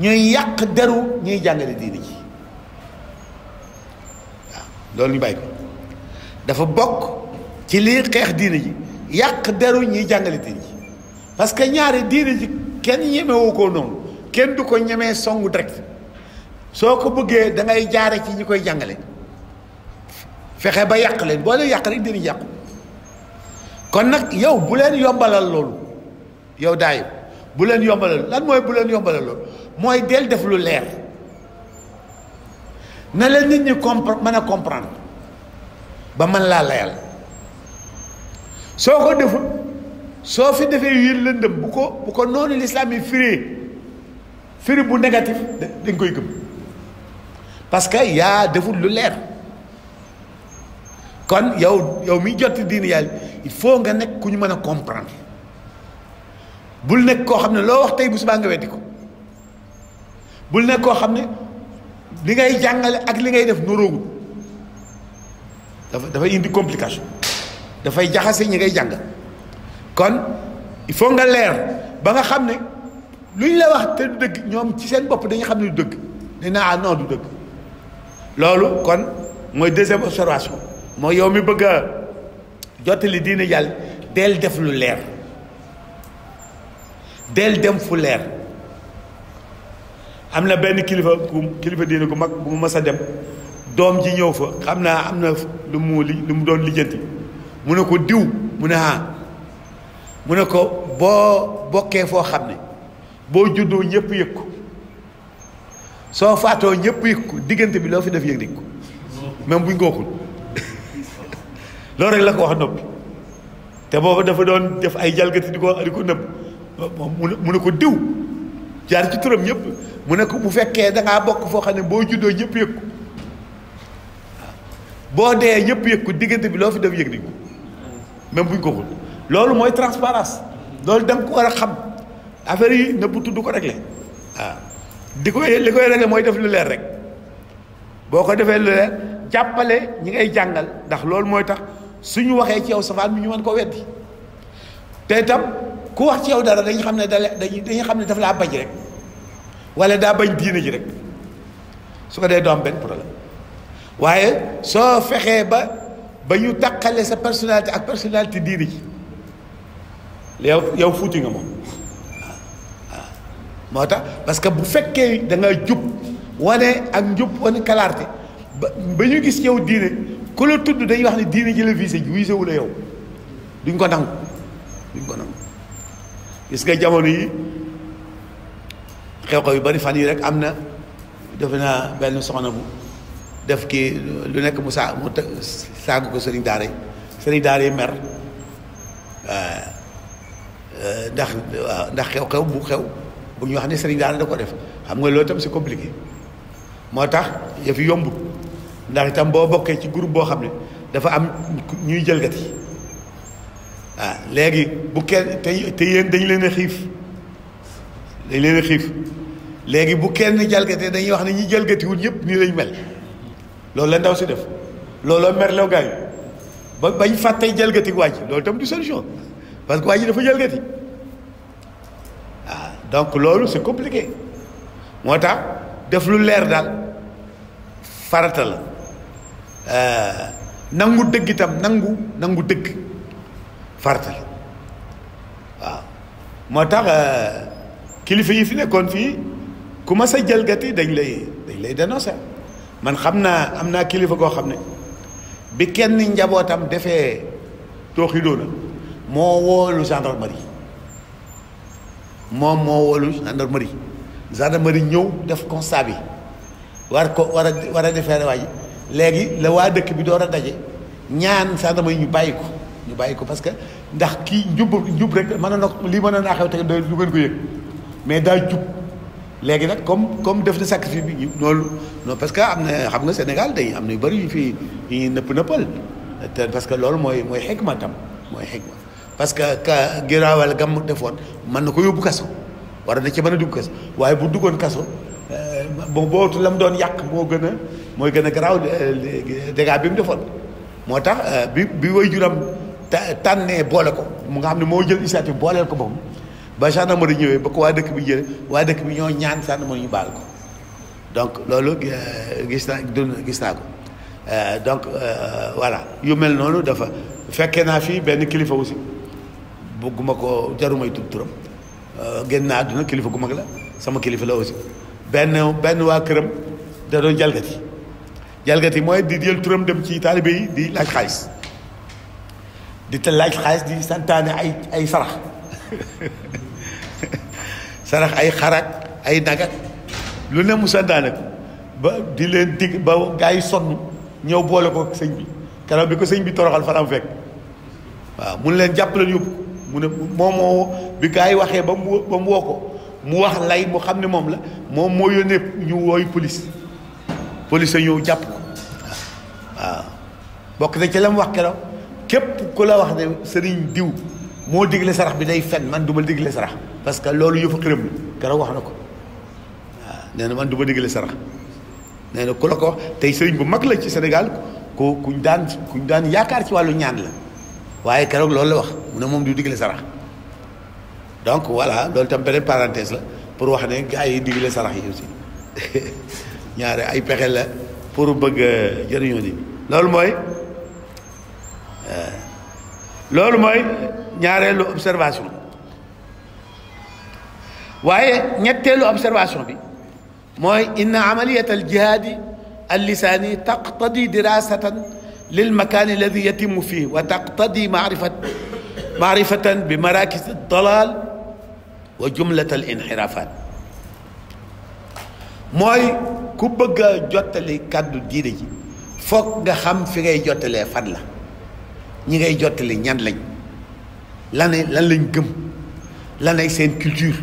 ñuy yàq deru ñuy jàngale diine ji waaw loolu ñu bàyyi ko dafa bokk ci liy xeex diine ji yàq deru ñuy jàngale diine ji parce que ñaari diine ji kenn ñemewu ko noonu kenn du ko ñemee songu direct soo ko bëggee dangay ngay jaare ci ñi koy jàngale fexe ba yàq leen boo leen yàq rek diine ji yàqu kon nag yow bu leen yombalal loolu yow daayib bu leen yombalal lan mooy buleen yombalee yombalal loolu mooy del def lu leer na la nit ñi compre mën a comprendre ba man laa layal soo ko deful soo fi defee yir lëndëm bu ko bu ko noonu lislaam yi firee firi bu négatif dañ koy gëm parce que yaa deful lu leer kon yow yow mi jot diini yàlla il faut nga nekk ku ñu mën a comprendre bul nekk koo xam ne loo wax tey bu subaa nga weddi ko bul nekk koo xam ne li ngay jàngale ak li ngay def noróogu dafa dafa indi complication dafay jaxase ñi ngay jàng kon il faut nga leer ba nga xam ne lu ñu la wax te du dëgg ñoom ci seen bopp dañu xam ne du dëgg ne naa ah, non du dëgg loolu kon mooy deuxième observation mooy yow mi bëgg a jottali diine yàlla del def lu leer del dem fu leer am na benn kilifa kilifa diine gu mag bu mu dem doom ji ñëw fa xam naa am na lu mu li lu mu doon lijjanti mu ne ko diw mu ne ah mu ne ko boo bokkee foo xam ne boo juddoo ñëpp yëg ko soo faatoo ñëpp yëg ko diggante bi loo fi def yëg nañ ko même buñ gookul loolu rek la ko wax noppi te boobu dafa doon def ay jalgati di ko di mu ne ko diw jaar ci turam ñëpp mu ne ko bu fekkee dangaa bokk foo xam ne boo juddoo ñëpp yëg ko boo dee ñëpp yëg ko diggante bi loo fi def yëg nañ ko même buñ ko xul loolu mooy transparence loolu da nga ko war a xam affaire yi nëbbu tudd ko réglé waaw di ko li koy réglé mooy def lu leer rek boo ko defee lu jàppale ñi ngay jàngal ndax loolu mooy tax su ñu waxee ci yow safaan bi ñu mën ko weddi te itam ku wax ci yow dara dañu xam ne da dañu xam ne daf laa bañ rek wala daa bañ diine ji rek su ko dee doom am benn problème waaye soo fexee ba ba ñu taqale sa personnalité ak personnalité diine ji yow yow fuuti nga moom waaw moo tax parce que bu fekkee da nga jub wane ak njub wane kalaarte ba ba ñu gis yow diine ku la tudd dañuy wax ne diine ji la visé visé wu la yow duñ ko nangu duñ ko nangu. gis nga jamono yi xew-xew yu bari fan yi rek am na defe naa benn soxna bu def ki lu nekk mu saa mu saagu ko sëriñ daara yi sëriñ daara yi mer euh, ndax waaw ndax xew-xew bu xew bu ñu wax ne sëriñ daara da ko def xam nga loolu tam si compliqué moo tax yëf yomb ndax itam boo bokkee ci groupe boo xam ne dafa am ñuy jëlgati waaw ah, léegi bu kenn te te yéen dañ leen a xiif dañ leen a xiif léegi bu kenn jalgatee dañuy wax ne ñi jalgatiwul ñëpp nii lañ mel loolu la ndaw si def looloo merlew gaayu ba bañ fàttee jalgati waa ji loolu tam du solution parce que waa ji dafa jalgati waaw ah, donc loolu si compliqué moo tax def lu leer daal faratal la ah, nangu dëgg itam nangu nangu dëgg farata waaw moo tax euh, kilifa yi fi nekkoon fii ku ma sa jalgati dañ lay dañ man xam naa am naa kilifa koo xam ne bi kenn njabootam defee tooxi doona moo woolu gendarmerie moom moo woolu gendarmerie gendarmerie ñëw def constat war ko war a war a léegi la waa dëkk bi door a daje ñaan gendarmerie ñu bàyyi ko ñu bàyyi ko parce que ndax kii njub njub rek mën na lii mën naa xew te du ngeen ko yëg mais daa jub léegi nag comme comme def na sacrifice bi ñu loolu non parce que am na xam nga Sénégal day am na yu bëri yu fi yu nëpp nëppal te que loolu mooy mooy xegma tam mooy xegma parce que ka giraawal gam defoon mën na ko yóbbu kaso war na ci mën a dugg kaso waaye bu duggoon kaso euh, boo bootu la mu doon yàq moo gën a mooy gën a garaaw euh, dégâts bi mu defoon moo tax euh, bi bi way juram tànnee boole ko mu nga xam ne moo jël initiative booleel ko boppam ba ma di ñëwee ba ko waa dëkk bi jëlee waa dëkk bi ñoo ñaan gendarmerie ñu baal ko donc loolu euh, gis naa gis naa ko euh, donc euh, voilà yu mel noonu dafa fekkee naa fii benn kilifa aussi bëgguma ko jarumay tudd turam génn naa àdduna kilifa gu mag la sama kilifa la aussi benn benn waa këram da doon jalgati jalgati mooy di jël turam dem ci taalibe yi di laaj xaalis di te laaj xaalis di santaane ay ay sarax sarax ay xarak ay nagak lu ne mu santaane ko ba di leen dig ba gaa yi sonn ñëw boole ko sëñ bi kanam bi ko sëñ bi toroxal fanam fekk waaw mun leen jàppale yóbbu mu ne moom moo yi waxee ba mu ko mu wax lay mu xam ne moom la moo yónnee ñu wooyu polis police a ñëw jàpp ko waaw bokk na ci la wax keroog képp ku la wax ne sëriñ diw moo digle sarax bi day fen man du ma digle sarax parce que loolu yëfu këram la keroog wax na ko waaw nee na man duma ma digle sarax nee na ku la ko tey sëriñ bu mag la ci Sénégal ku kuñ daan kuñ daan yaakaar ci wàllu ñaan la waaye keroog loolu la wax mu ne moom du digle sarax donc voilà loolu tam beneen parenthèse la pour wax ne gars yi digle sarax yi aussi ñaare ay pexe la pour bëgg jëriñoo ni loolu mooy. loolu mooy ñaareelu observation bi waaye ñetteelu observation bi mooy inna amaliyat al jihaadi al lisaani taqtadi dirasatan lil makaan alladi yatimu fii wa taqtadi maarifat maarifatan bi marakis dalal wa jumlat al inxirafaat mooy ku bëgg a jottali kàddu diine ji foog nga xam fi ngay jottalee fan la ñi ngay jottali ñan lañ lan lañ gëm lan ay seen culture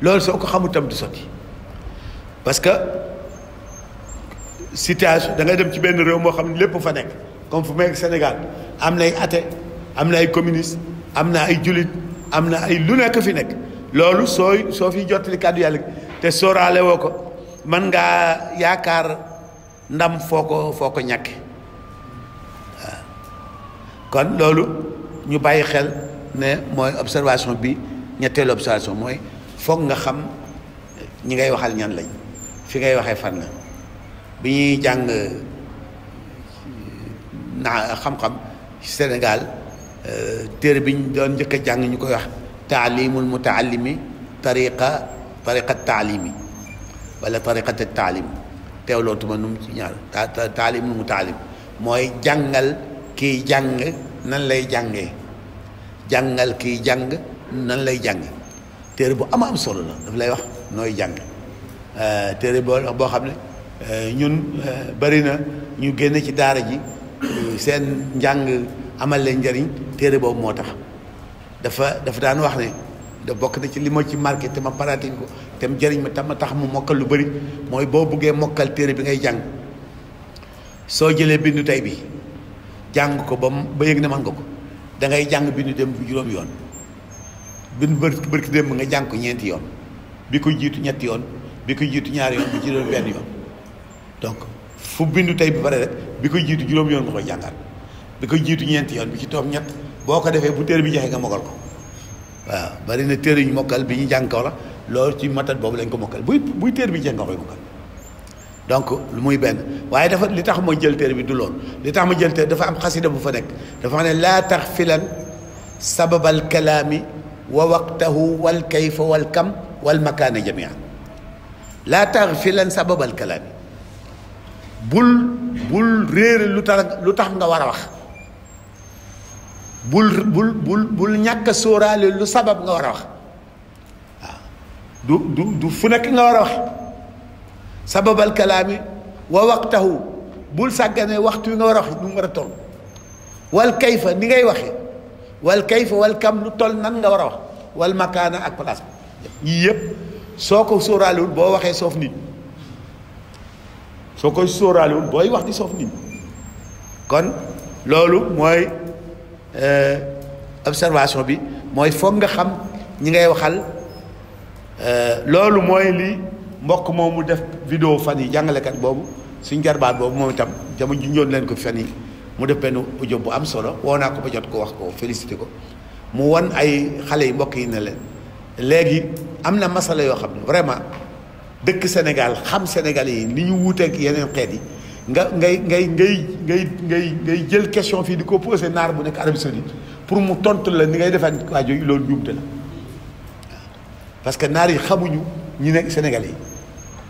loolu soo ko xamul tam du sotti parce que situation da ngay dem ci benn réew moo xam ne lépp fa nekk comme fu mel Sénégal am na ay athée am na ay communiste am na ay julit am na ay lu nekk fi nekk loolu sooy soo fi jottali kàddu yàlla te soraale woo ko man ngaa yaakaar ndam foo ko foo ko ñàkke kon loolu ñu bàyyi xel ne mooy observation bi ñetteelu observation mooy foog nga xam ñi ngay waxal ñan lañ fi ngay waxee fan la bi ñuy jàng euh, naa xam-xam Sénégal euh, téere bi ñu doon njëkk jàng ñu koy wax taalimul mutaallimi tariqa tariqa taalimi wala tariqat taalim teewlootuma nu mu ci ñaar taalimul mutaallim mooy jàngal kiy jàng nan lay jànge jàngal kiy jàng nan lay jàng téere bu ama am solo la daf lay wax nooy jàng euh, téere boo xam ne euh, ñun euh, bari na ñu génn ci daara ji seen njàng amal leen téere boobu moo tax dafa dafa daan wax ne da bokk na ci li ma ci marqué te ma pratique ko te mu jëriñ ma tam a tax mu mokkal lu bari mooy boo buggee mokkal téere bi ngay jàng soo jëlee bindu tey bi jàng ko ba mu ba yëg ne man nga ko da ngay jàng bindu dem bu juróom yoon bindu bërki dem ba nga jàng ko ñeenti yoon bi ko jiitu ñetti yoon bi ko jiitu ñaari yoon bi juróom yoon donc fu bindu tey bi pare bi ko jiitu juróom yoon nga koy jàngaat bi ko jiitu ñeenti yoon bi ci toog ñett boo ko defee bu téere bi joxe nga mokkal ko waaw bari na téer yu mokkal bi ñu jàng kaw la loolu ci matat boobu lañ ko mokkal buy buy téere bi jeex nga koy mokkal donc lu muy benn waaye dafa li tax ma jël téere bi du lool li tax ma jël téere dafa am xasida bu fa nekk dafa xam ne laa tax filan sababal kalaami wa waqtahu wal kam wal makaana jamian laa tax filan sababal kalaami bul bul réere lu tax nga war a wax bul bul bul bul ñàkk a lu sabab nga war a wax waaw du du du nekk nga war a wax sababal kalaami wa waqtahu bul sàgganee waxtu wi nga war a wax nu mu war a toll wal kayfa ni ngay waxee wal kayfa wal kam lu toll nan nga war a wax wal makaana ak place yii yëpp soo ko sóoraalewul boo waxee soof nit soo koy sóoraalewul booy wax di soof nit kon loolu mooy eh, observation bi mooy foog nga xam ñi ngay waxal eh, loolu mooy lii mbokk moom mu def vidéo fan yi jàngalekat boobu suñ jarbaat boobu moom itam jama ju ñoon leen ko fan yi mu def benn audio bu am solo woo naa ko ba jot ko wax ko félicité ko mu wan ay xale yi mbokk yi ne leen léegi am na masala yoo xam ne vraiment dëkk Sénégal xam Sénégal yi ni ñu wuuteeg yeneen xeet yi nga ngay ngay ngay ngay ngay ngay jël question fii di ko posé naar bu nekk Arabie Saoudite pour mu tontu la ni ngay defee waa jooju loolu njuumte la parce que naar yi xamuñu ñi nekk Sénégal yi.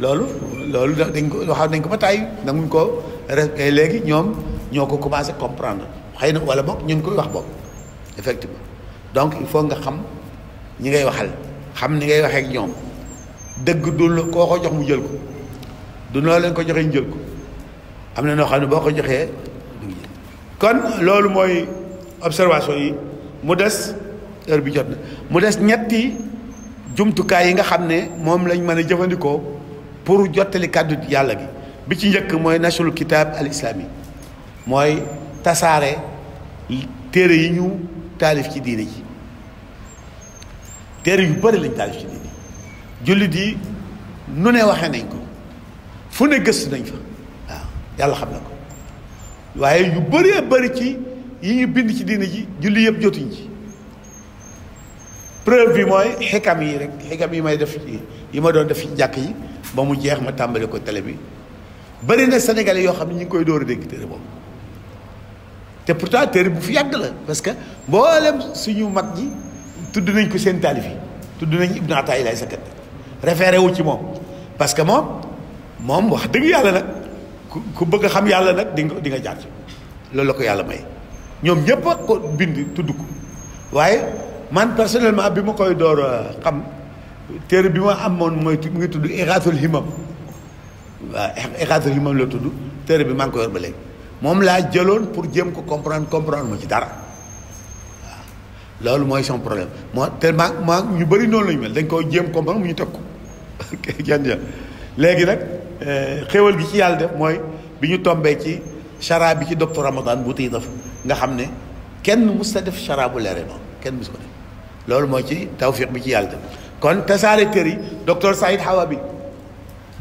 loolu loolu ndax dañ ko waxaat dañ ko ba tàyyi nanguñ ko respecté eh, léegi ñoom ñoo ko commencé comprendre xëy na wala boog ñu ngi koy wax boog effectivement donc il faut nga xam ñi ngay waxal xam ni ngay waxeek ñoom dëgg du la koo ko jox mu jël ko du loolu leen ko joxee jël ko am na noo xam ne boo ko joxee kon loolu mooy observation yi mu des heure bi jot na mu des ñetti jumtukaay yi nga xam ne moom lañ mën a jëfandikoo pour jottali kàddu yàlla bi bi ci njëkk mooy nashrul kitab al islami mooy tasaare téere yi ñu taalif ci diine ji téere yu bëri lañ taalif ci diine yi nu ko fu gëstu nañ fa waaw waaye yu bëree bëri ci yi bind ci diine ji julli yëpp jotuñ ci preuve bi mooy xikam yi rek xikam yi may def yi ma doon def jàkk yi ba mu jeex ma tàmbali ko télé bi bëri na sénégalais yoo xam ne ñu ngi koy door a dégg téere boobu te pourtant téere bu fi yàgg la parce que mboolem suñu mag ñi tudd nañ ko seen taalif yi tudd nañ Ibn Ataay lay sakkat référé wu ci moom parce que moom moom wax dëgg yàlla nag ku ku bëgg xam yàlla nag di nga di nga jaar loolu la ko yàlla may ñoom ñëpp a ko bind tudd ko waaye man personnellement bi ma koy door a xam téere bi ma amoon mooy mu ngi tudd Igaasul Himam waaw Igaasul Himam la tudd téere bi maa ngi ko yor ba léegi moom laa jëloon pour jëm ko comprendre comprendre ma ci dara loolu mooy son problème moo te maa ñu bari noonu la ñu mel dañ koo jéem comprendre mu ñu teg ko kenn léegi nag eh, xéwal bi ci yàlla def mooy bi ñu tombee ci chara bi ci docteur Ramadan bu tiy def nga xam ne kenn mus sa def chara bu leere noonu kenn mus def loolu mooy ci tawfiq bi ci yàlla kon tasaare kër yi docteur Saïd Hawa bi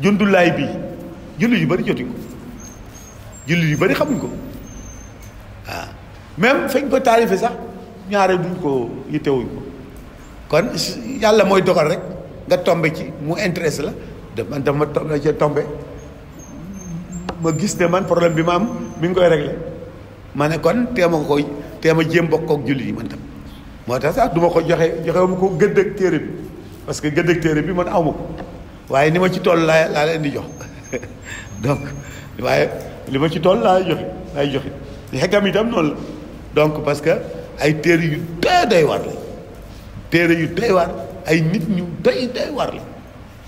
jundulaay bi julli yu bëri jotuñ ko julli yu bari xamuñ ko waaw ah, même feeñ ko taarifee sax ñaare duñ ko yittewuñ ko kon yàlla mooy doxal rek nga tombe ci mu intéresse la de man la ca tombe ma gis ne man problème bi ma am mi ngi koy réglé ma ne kon teema ko koy teema jéem bokk ak jullit yi man tam moo tax sax du ma ko joxe joxe wu ma ko gëdd ak téere bi parce que gëdd téere bi man aw ma ko waaye ni ma ci toll laa laa leen di jox donc waaye li ma ci toll laa joxe laay joxe xekkam itam noonu la donc parce que ay téere yu doy war la téere yu doy war ay nit ñu doy doy war la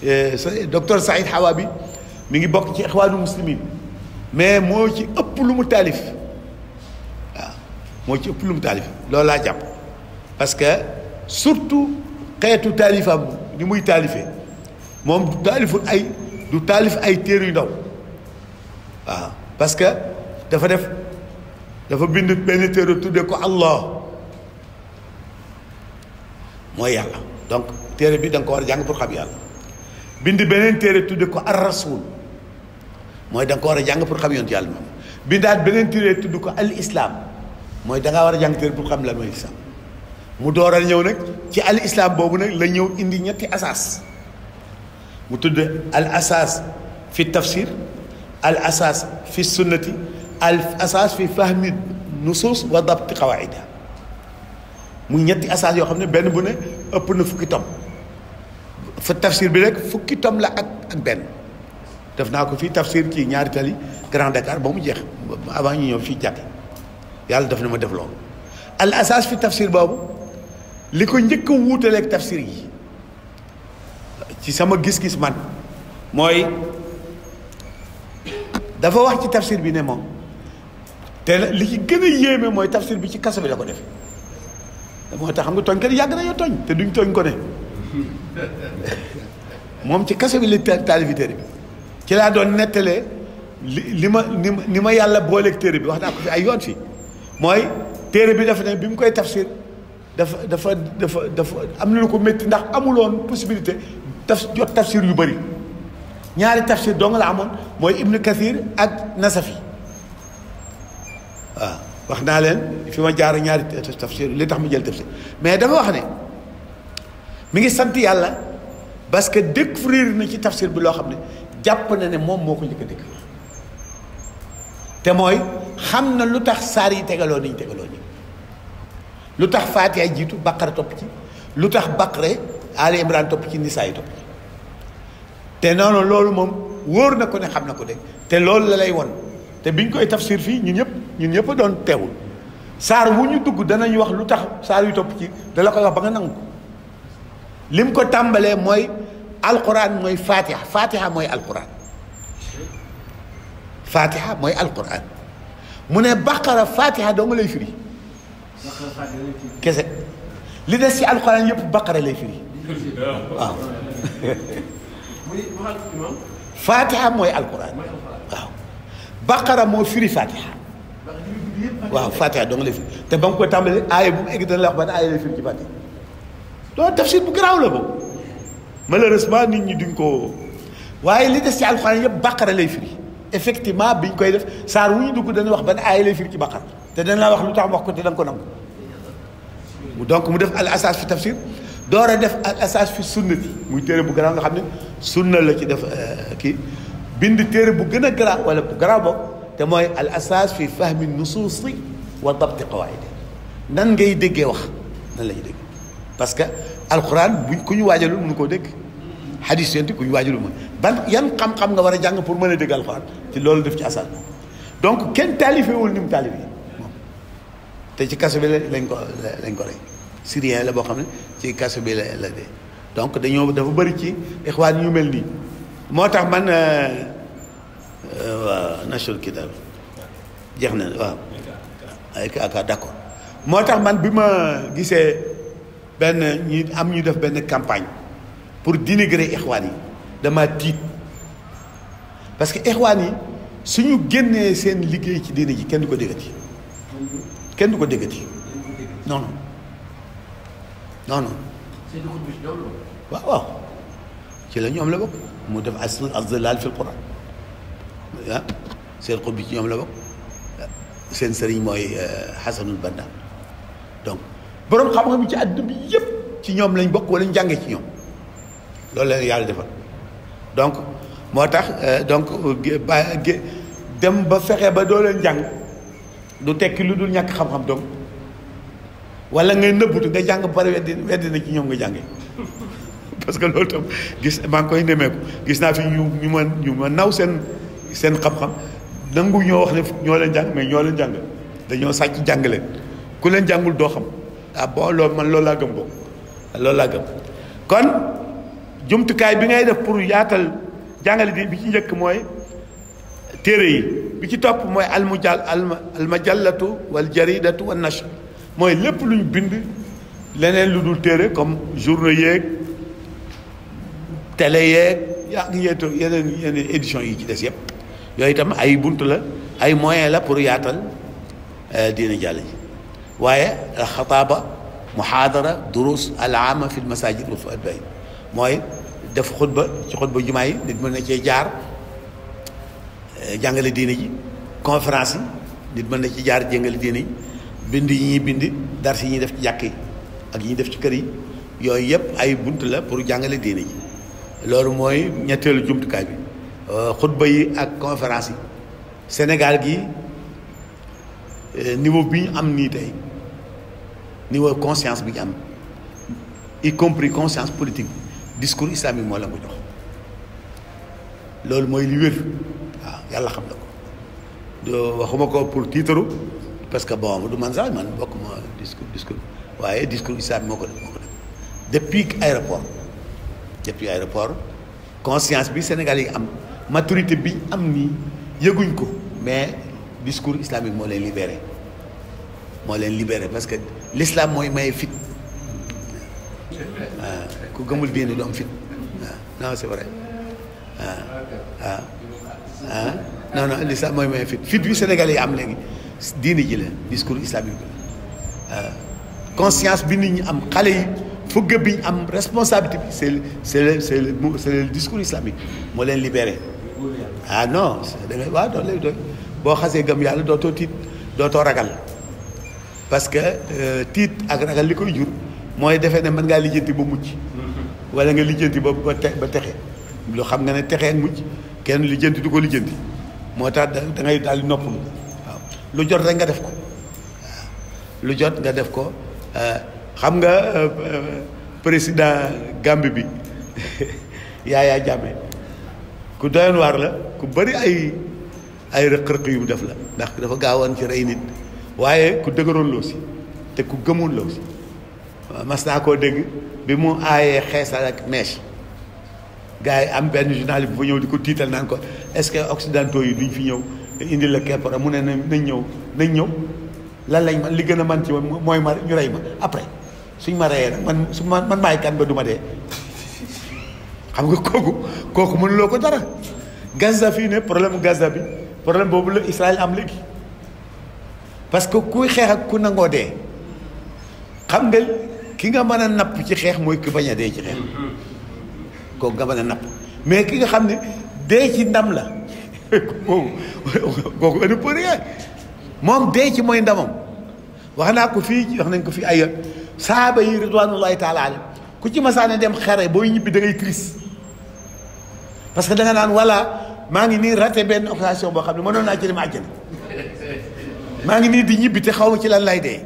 eh, docteur Saïd Hawa bi mu ngi bokk ci ixwaanu muslimin mais moo ci ëpp lu mu taalifi waaw moo ci ëpp lu mu taalif loolu laa jàpp parce que surtout xeetu taalifam ni muy taalife moom du taaliful ay du taalif ay téere yu ndaw waaw parce que dafa def dafa bind benn téere tudde ko Allah mooy yàlla donc téere bi da nga ko war a jàng pour xam yàlla bind beneen téere tudde ko ar da nga a jàng pour xam yonent yàlla moom bindaat beneen téere tudd ko al islam mooy da ngaa war a jàng téere pour xam la mooy islam mu dooral ñëw nag ci al islam boobu nag la ñëw indi ñetti asaas mu tudd al asaas fi tafsir al asaas fi sunnati al asaas fi fahmi nusus wa dabti qawaida mu ñetti asaas yoo xam ne benn bu ne ëpp na fukki tom fa tafsir bi rek fukki tom la ak ak benn def naa ko fii tafsir ci ñaari tali Grand Dakar ba mu jeex avant ñu ñëw fii jàkk yàlla daf na ma def loolu al asaas fi tafsir boobu li ko njëkk a wuutaleeg tafsir yi ci sama gis-gis man mooy dafa wax ci tafsir bi ne moom te li ci gën a yéeme mooy tafsir bi ci kaso bi la ko def moo tax xam nga tooñkat yàgg na yoo tooñ te duñ tooñ ko ne moom ci kaso bi la taalifi téere bi ci laa doon nettale li li ma ni ma yàlla booleeg téere bi wax naa ko fi ay yoon fii mooy téere bi dafa ne bi mu koy tafsir dafa dafa dafa dafa am na lu ko métti ndax amuloon possibilité taf jot tafsir yu bëri ñaari tafsir dong la amoon mooy Ibn Kathir ak Nasafi waaw wax naa leen fi ma jaar ñaari tafsir li tax mu jël tafsir mais dafa wax ne mu ngi sant yàlla parce que découvrir na ci tafsir bi loo xam ne jàpp na ne moom moo ko njëkk a te mooy xam na lu tax saar yi tegaloo niñ tegaloo nii lu tax Faatiha jiitu Baqara topp ci lu tax Baqara Ali Imran topp ci Nisaa topp ci te noonu loolu moom wóor na ko ne xam na ko de te loolu la lay won te biñ koy tafsir fii ñun ñëpp ñun ñëpp doon teewul saar wu ñu dugg danañ wax lu tax saar yu topp ci dala la koy wax ba nga nangu ko lim ko tàmbalee mooy alquran mooy Faatiha Faatiha mooy alquran Faatiha mooy alquran mu ne Baqara Faatiha doo lay firi. kese li des ci alxuraan yëpp baqara lay firi waaw faatiha mooy alxuraan waaw baqara moo firi faatiha waaw faatiha doo nga lay firi te ba nga koy tàmbali aaya bu mu egg dana la wax ban aaya lay firi ci faatiha loolu tafsir bu garaaw la boobu malheureusement nit ñi duñ ko waaye li des ci alxuraan yëpp baqara lay firi effectivement ñu koy def saar wu ñu dugg dana wax ban aaya lay firi ci baqara te dana la wax lu tax wax ko te da ko nangu donc mu def al asaas fi tafsir door a def al asaas fi sunna bi muy bu garaaw nga xam ne sunna la ci def euh, kii bind téere bu gën a garaaw wala bu garaaw te mooy al asaas fi fahmi nusuusi wa dabti qawaidi nan ngay déggee wax nan la ñuy dégg parce que alquran buñ ku ñu waajalul mënu koo dégg hadis yenti ku ñu waajalul mën ban yan xam-xam nga war a jàng pour mën a dégg alquran ci loolu def ci asaas donc kenn taalifewul ni mu te ci caso bi lañ ko lañ ko rey syrien la boo xam ne ci kaso bi la la dee donc dañoo dafa bëri ci ixwaan ñu mel nii moo tax man waaw nashul kitab jeex na waaw ay aka d'accord moo tax man bi ma gisee benn ñi am ñu def benn campagne pour dénigrer ixwaan yi dama tiit parce que ixwaan yi suñu génnee seen liggéey ci diine ji kenn du ko déggati kenn du ko déggati non non non non. waaw waaw ci la ñoom la bokk mu def as azlaal fi alquran ah seen xut bi ci ñoom la bokk ah, seen sëriñ mooy xasanul euh, banna donc borom xam-xam ci àdduna bi yëpp ci ñoom lañ bokk wala ñu ci ñoom loolu leen yàlla defal donc moo tax euh, donc dem ba fexe ba doo leen jàng. lu tekki lu dul ñàkk xam-xam dong wala ngay nëbbutu nga jàng bare weddi weddi na ci ñoom nga jànge parce que loolu tam gis maa koy nemeeku gis naa fi ñu ñu ma ñu ma naw seen seen xam-xam nangu ñoo wax ne ñoo leen jàng mais ñoo leen jàng dañoo sàcc jàng leen ku leen jàngul doo xam ah bon loolu man loolu laa gëm boobu loolu laa gëm kon jumtukaay bi ngay def pour yaatal jàngale bi ci njëkk mooy téere yi bi ci topp mooy almujal alma almajallatu wal jaridatu mooy lépp luñ bind leneen lu dul téere comme journaux yeeg télé yeeg yaa ngi yeneen yeneen édition yi ci des yëpp yooyu itam ay bunt la ay moyen la pour yaatal euh, diina jàll ji waaye xataaba muhaadara durus alaama fi lmasajid wa fi mooy def xutba ci xutba jumaa yi nit mën na cee jaar Eh, jàngale diine ji conférence yi nit mën na ci jaar jàngale diine bind yi ñuy bind dars yi ñuy def ci jàkk yi ak yi ñuy def ci kër yi yooyu yëpp ay bunt la pour jàngale diine ji loolu mooy ñetteelu jumtukaay bi eh, xutba yi ak conférence yi Sénégal gi eh, niveau bi ñu am nii tey niveau conscience bi ñu am y compris conscience politique discours islamique moo la ko jox loolu mooy li waaw yàlla xam na ko do waxuma ko pour tiitaru parce que bon du man sax man bokk ma discours discours waaye discours islam moo ko def depuis aéroport depuis aéroport conscience bi Sénégal yi am maturité bi am ni yëguñ ko mais discours islamique moo leen libéré moo leen libéré parce que lislaam mooy may fit ah, ku gëmul diine du am fit ah, non c'est vrai ah, ah non non l'islam mooy mooy fit fit bi Sénégalais yi am léegi diini ji la discours islamique bi la ah. conscience bi nit ñi am xale yi fugga bi am responsabilité bi c'est c'est le c'est le c'est le leen libéré ah non da ngay boo xasee gëm yàlla dootoo tiit dootoo ragal parce que euh, tiit ak ragal li koy jur mooy defee ne mën ngaa lijjanti ba mucc mm-hmm. wala nga lijjanti ba ba te ba texe lu xam nga ne texe ak mucc kenn lijjanti du ko lijjanti moo tax da dangay daal di noppalu lu jot rek nga def ko lu jot nga def ko euh, xam nga euh, euh, président Gambie bi Yaya Jammeh ku doyoon la ku bëri ay ay rëq-rëq yu mu def la ndax dafa gaawoon ci rey nit waaye ku dëgëroon loo si te ku gëmoon loo si koo dégg bi mu aayee xeesal ak mèche gars yi am benn journaliste bu fa ñëw di ko tiital naa ko est-ce que occidentaux yi duñ fi ñëw indi la keppara mu ne nañ ñëw nañ ñëw lan lañ man li gën a man ci mooy ma ñu rey ma après suñ ma reyee nag man su ma man maay kan ba du ma dee xam nga kooku kooku mënuloo ko dara Gaza fii ne problème Gaza bi problème boobu la Israël am léegi parce que kuy xeexak ku nangoo dee xam nga ki nga mën a napp ci xeex mooy ku bañ a dee ci xeex kooku nga mën napp mais ki nga xam ne dee ci ndam la moom kooku ëpp moom dee ci mooy ndamam wax naa ko fii wax nañ ko fii ay yoon saaba yi ridwanullahi taala alayhi ku ci masaane dem xare booy ñibbi da ngay parce que da nga naan voilà maa ngi nii raté benn occasion boo xam ne mënoon naa ci dem àjjana maa ngi nii di ñibbi te xaw ma ci lan lay dee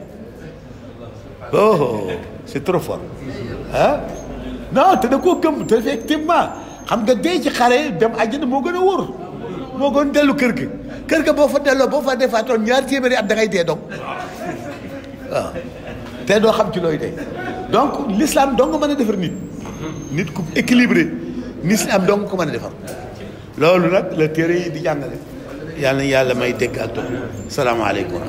oh, oh, oh c'est trop fort non te da koo gëm te effectivement xam nga dee ci xare dem na moo gën a wóor moo gën dellu kër gi kër ga boo fa delloo boo fa defaatoon ñaar téeméeri at da ngay dee dong te doo xam ci looy dee donc l'islam dong mën a defar nit nit ku équilibré l'islam dong ko mën a defar loolu nag la téere yi di jàngale yàlla yàlla may dégg ak doon salaamaaleykum